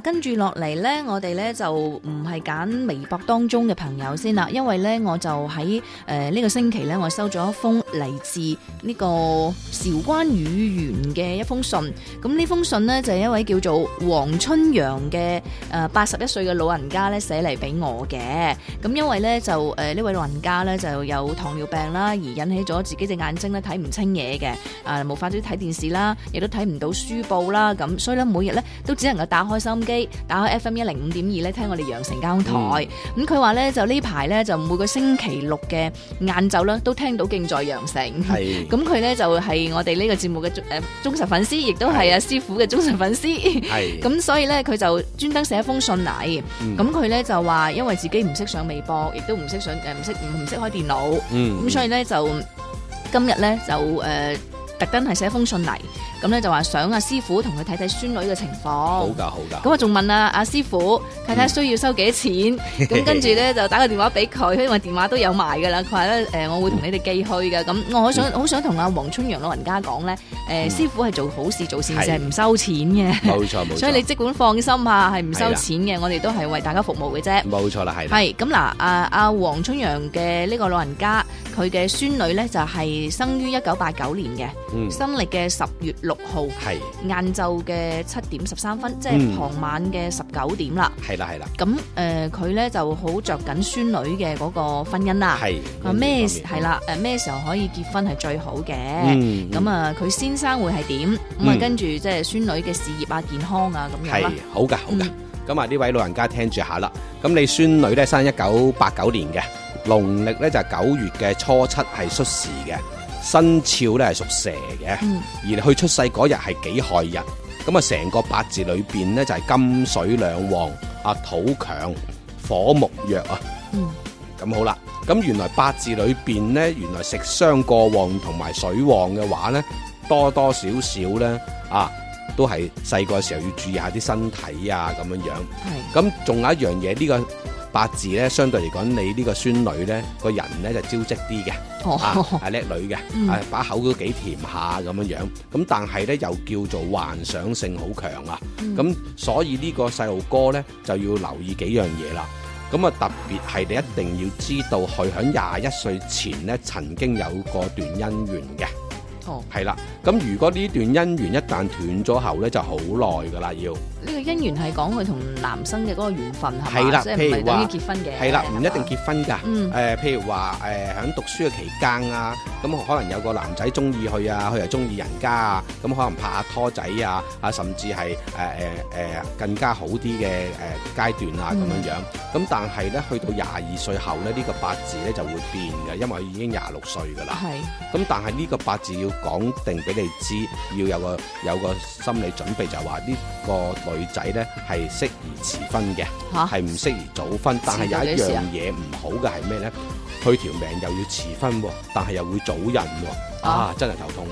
跟住落嚟咧，我哋咧就唔係揀微博當中嘅朋友先啦，因為咧我就喺誒呢個星期咧，我收咗一封嚟自呢個韶關乳源嘅一封信。咁呢封信咧就係、是、一位叫做黃春陽嘅誒八十一歲嘅老人家咧寫嚟俾我嘅。咁因為咧就誒呢、呃、位老人家咧就有糖尿病啦，而引起咗自己隻眼睛咧睇唔清嘢嘅，啊冇法子睇電視啦，亦都睇唔到書報啦，咁所以咧每日咧都只能夠打開心。打開 FM 一零五點二咧，聽我哋羊城交通台。咁佢話咧就呢排咧就每個星期六嘅晏晝咧都聽到敬在羊城。咁佢咧就係、是、我哋呢個節目嘅誒、呃、忠實粉絲，亦都係阿師傅嘅忠實粉絲。係咁、嗯，所以咧佢就專登寫一封信嚟。咁佢咧就話因為自己唔識上微博，亦都唔識上誒唔識唔識開電腦。咁、嗯嗯、所以咧就今日咧就誒。呃特登係寫封信嚟，咁咧就話想阿師傅同佢睇睇孫女嘅情況。好噶，好噶。咁我仲問啊阿、啊、師傅，睇睇需要收幾錢。咁、嗯、跟住咧 就打個電話俾佢，因為電話都有埋噶啦。佢話咧誒，我會同你哋寄去嘅。咁我好想好、嗯、想同阿黃春陽老人家講咧，誒、呃嗯、師傅係做好事做善事，係唔收錢嘅。冇錯冇錯。所以你即管放心嚇，係唔收錢嘅。我哋都係為大家服務嘅啫。冇錯啦，係。係咁嗱，阿阿黃春陽嘅呢個老人家。佢嘅孫女咧就係、是、生於一九八九年嘅，新、嗯、歷嘅十月六號，晏晝嘅七點十三分，嗯、即係傍晚嘅十九點啦。係啦，係啦。咁誒，佢、呃、咧就好着緊孫女嘅嗰個婚姻啦。係啊，咩係啦？誒、嗯、咩時候可以結婚係最好嘅？咁、嗯、啊，佢先生會係點？咁、嗯、啊，跟住即係孫女嘅事業啊、健康啊咁樣啦。係好噶，好噶。咁啊，呢、嗯、位老人家聽住下啦。咁你孫女咧生一九八九年嘅。農曆咧就係、是、九月嘅初七係戌時嘅，生肖咧係屬蛇嘅、嗯，而佢出世嗰日係己亥日，咁啊成個八字裏邊咧就係、是、金水兩旺，啊土強，火木弱啊，咁、嗯、好啦，咁原來八字裏邊咧，原來食傷過旺同埋水旺嘅話咧，多多少少咧啊，都係細個時候要注意下啲身體啊咁樣樣，咁仲有一樣嘢呢個。八字咧，相對嚟講，你呢個孫女呢，個人呢就招積啲嘅，啊，係叻女嘅、嗯，啊，把口都幾甜下咁樣樣。咁但係呢，又叫做幻想性好強啊。咁、嗯、所以呢個細路哥呢，就要留意幾樣嘢啦。咁啊，特別係你一定要知道他在，佢喺廿一歲前咧曾經有過段姻緣嘅。哦，係啦。咁如果呢段姻緣一旦斷咗後呢，就好耐噶啦要。姻緣係講佢同男生嘅嗰個緣分係嘛？即係唔係等於結婚嘅？係啦，唔一定結婚噶。嗯。誒、呃，譬如話誒，響、呃、讀書嘅期間啊，咁可能有個男仔中意佢啊，佢又中意人家啊，咁可能拍下拖仔啊，啊，甚至係誒誒誒更加好啲嘅誒階段啊，咁、嗯、樣樣。咁但係咧，去到廿二歲後咧，呢、這個八字咧就會變嘅，因為已經廿六歲噶啦。係。咁但係呢個八字要講定俾你知，要有個有個心理準備，就係話呢個女。仔咧係適宜遲婚嘅，係唔適宜早婚。但係有一樣嘢，唔好嘅係咩咧？佢條命又要遲婚，但係又會早孕，啊，啊真係頭痛。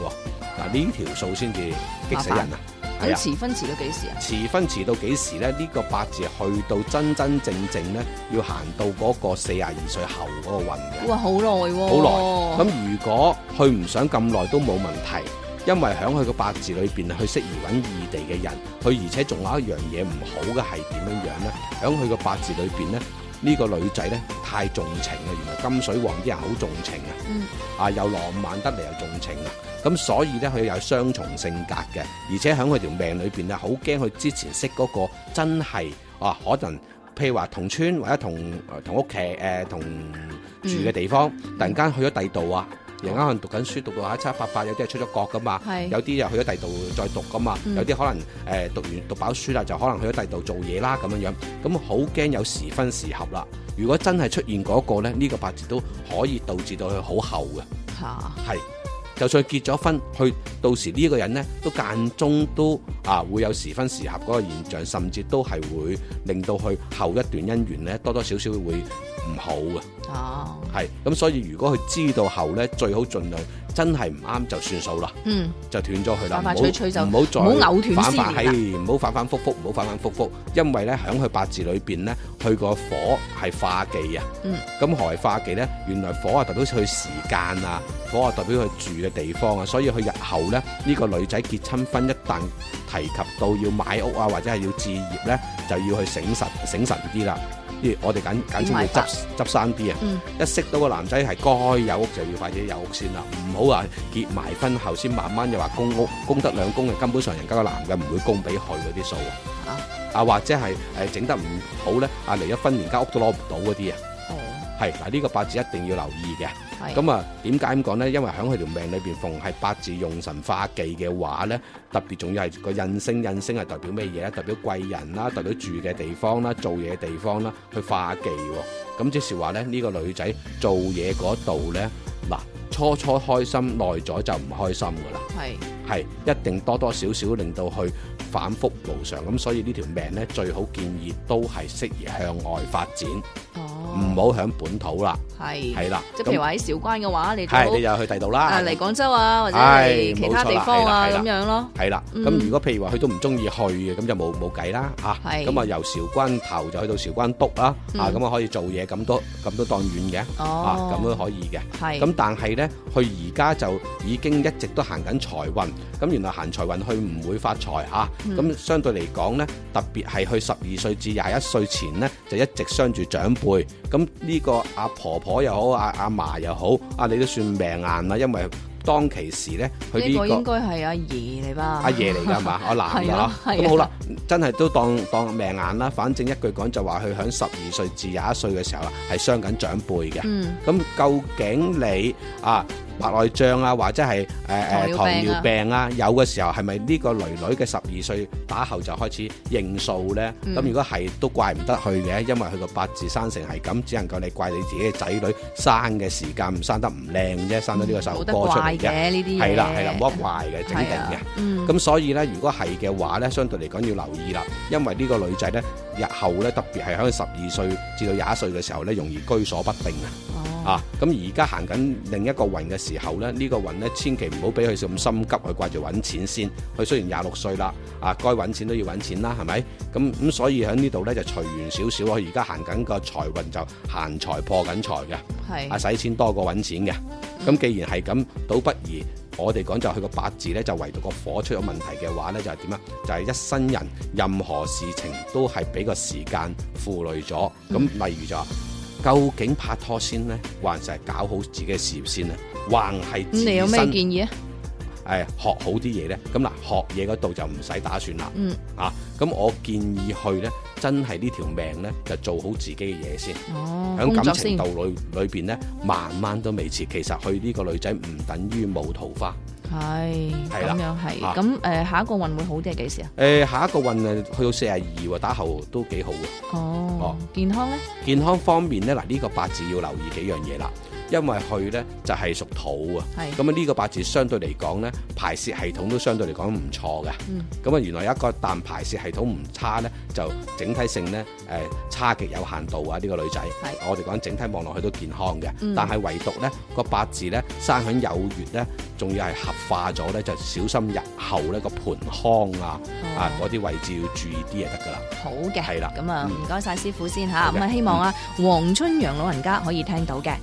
嗱呢條數先至激死人啊！咁遲婚遲到幾時啊？遲婚遲到幾時咧？呢個八字去到真真正正咧，要行到嗰個四廿二歲後嗰個運嘅。哇，好耐喎！好耐。咁如果佢唔想咁耐都冇問題。因為喺佢個八字裏邊，去適宜揾異地嘅人。佢而且仲有一樣嘢唔好嘅係點樣樣呢？喺佢個八字裏邊呢，呢、這個女仔呢太重情啦。原來金水旺啲人好重情，嗯、啊，啊又浪漫得嚟又重情啊。咁所以呢，佢有雙重性格嘅，而且喺佢條命裏邊呢，好驚佢之前識嗰個真係啊可能譬如話同村或者同同屋企誒同住嘅地方，嗯、突然間去咗第度啊。而家可能讀緊書，讀到一七八八，有啲係出咗國噶嘛，有啲又去咗第度再讀噶嘛，嗯、有啲可能誒、呃、讀完讀飽書啦，就可能去咗第度做嘢啦咁樣樣，咁好驚有時分時合啦。如果真係出現嗰個咧，呢、呢個八字都可以導致到佢好後嘅，係、啊，就算結咗婚，去到時呢個人咧都間中都。啊，會有時分時合嗰個現象，甚至都係會令到佢後一段姻緣咧，多多少少會唔好嘅。哦、oh.，係咁，所以如果佢知道後咧，最好盡量真係唔啱就算數啦。嗯、mm.，就斷咗佢啦，唔好再好再反反嘿，唔好反反覆覆，唔好反反覆覆，因為咧喺佢八字裏邊咧，佢個火係化忌啊。嗯，咁何為化忌咧？原來火啊代表佢時間啊，火啊代表佢住嘅地方啊，所以佢日後咧呢、mm. 呢個女仔結親婚一旦提及到要買屋啊，或者係要置業咧，就要去醒神醒神啲啦。譬如我哋簡簡稱要執執生啲啊，一識到個男仔係該有屋，就要快啲有屋先啦。唔好話結埋婚後先，慢慢又話供屋，供得兩供嘅根本上，人家個男嘅唔會供俾佢嗰啲數啊。啊，或者係誒整得唔好咧，啊離咗婚連間屋都攞唔到嗰啲啊。哦、嗯，係嗱，呢、這個八字一定要留意嘅。咁啊，點解咁講咧？因為喺佢條命裏邊，逢係八字用神化忌嘅話咧，特別仲要係個印星，印星係代表咩嘢咧？代表貴人啦，代表住嘅地方啦，做嘢地方啦，去化忌喎。咁即是話咧，呢個女仔做嘢嗰度咧，嗱，初初開心，耐咗就唔開心噶啦。係係，一定多多少少令到佢。反覆無常咁，所以這條呢條命咧，最好建議都係適宜向外發展，唔好響本土啦。係係啦，即譬如話喺韶關嘅話，你係你又去第度啦。啊，嚟廣州啊，或者係、哎、其他地方啊，咁樣咯。係啦，咁、嗯、如果譬如話佢都唔中意去嘅，咁就冇冇計啦。吓，咁啊由韶關頭就去到韶關督啦、嗯，啊咁啊可以做嘢咁都咁都當遠嘅、哦，啊咁都可以嘅。係咁，但係咧佢而家就已經一直都行緊財運，咁原來行財運佢唔會發財吓。啊咁、嗯、相對嚟講呢，特別係去十二歲至廿一歲前呢，就一直傷住長輩。咁呢個阿婆婆又好，阿阿嫲又好，啊你都算命硬啦，因為當其時呢，佢呢、呢個呢個應該係阿爺嚟吧？阿爺嚟㗎嘛，阿男㗎嗬。咁 好啦，真係都當當命硬啦。反正一句講就話，佢喺十二歲至廿一歲嘅時候啊，係傷緊長輩嘅。咁、嗯、究竟你啊？白內障啊，或者係誒誒糖尿病啊，有嘅時候係咪呢個女女嘅十二歲打後就開始認數咧？咁、嗯、如果係都怪唔得佢嘅，因為佢個八字生成係咁，只能夠你怪你自己嘅仔女生嘅時間唔生得唔靚啫，生咗呢個細路哥出嚟嘅。係啦係啦，冇得怪嘅，整定嘅。咁、嗯、所以咧，如果係嘅話咧，相對嚟講要留意啦，因為呢個女仔咧，日後咧特別係喺佢十二歲至到廿一歲嘅時候咧，容易居所不定啊。哦啊，咁而家行緊另一個運嘅時候咧，這個、呢個運咧千祈唔好俾佢咁心急，佢掛住揾錢先。佢雖然廿六歲啦，啊，該揾錢都要揾錢啦，係咪？咁咁所以喺呢度咧就隨緣少少，佢而家行緊個財運就行財破緊財嘅，係啊，使錢多過揾錢嘅。咁、嗯、既然係咁，倒不如我哋講就佢個八字咧，就唯獨個火出咗問題嘅話咧，就係點啊？就係、是、一生人任何事情都係俾個時間負累咗。咁、嗯啊、例如就。究竟拍拖先咧，還是係搞好自己嘅事業先咧？還係？咁你有咩建議啊？誒，學好啲嘢咧，咁嗱，學嘢嗰度就唔使打算啦。嗯。啊，咁我建議去咧，真係呢條命咧，就做好自己嘅嘢先。哦。響感情道路裏裏邊咧，慢慢都未遲。其實去呢個女仔唔等於冇桃花。係，咁樣係，咁誒、啊，下一個運會好啲係幾時啊？誒，下一個運誒，去到四廿二喎，打後都幾好嘅。哦。哦，健康咧？健康方面咧，嗱、這、呢個八字要留意幾樣嘢啦。因為佢呢就係屬土啊，咁啊呢個八字相對嚟講呢，排泄系統都相對嚟講唔錯嘅。咁、嗯、啊原來有一個但排泄系統唔差呢，就整體性呢，誒、呃、差極有限度啊！呢、這個女仔，我哋講整體望落去都健康嘅、嗯，但係唯獨呢個八字呢，生喺酉月呢，仲要係合化咗呢，就小心日後呢個盆腔啊、嗯、啊嗰啲位置要注意啲就得噶啦。好、嗯、嘅，係、嗯、啦，咁啊唔該晒師傅先嚇，咁啊希望啊黃、嗯、春陽老人家可以聽到嘅。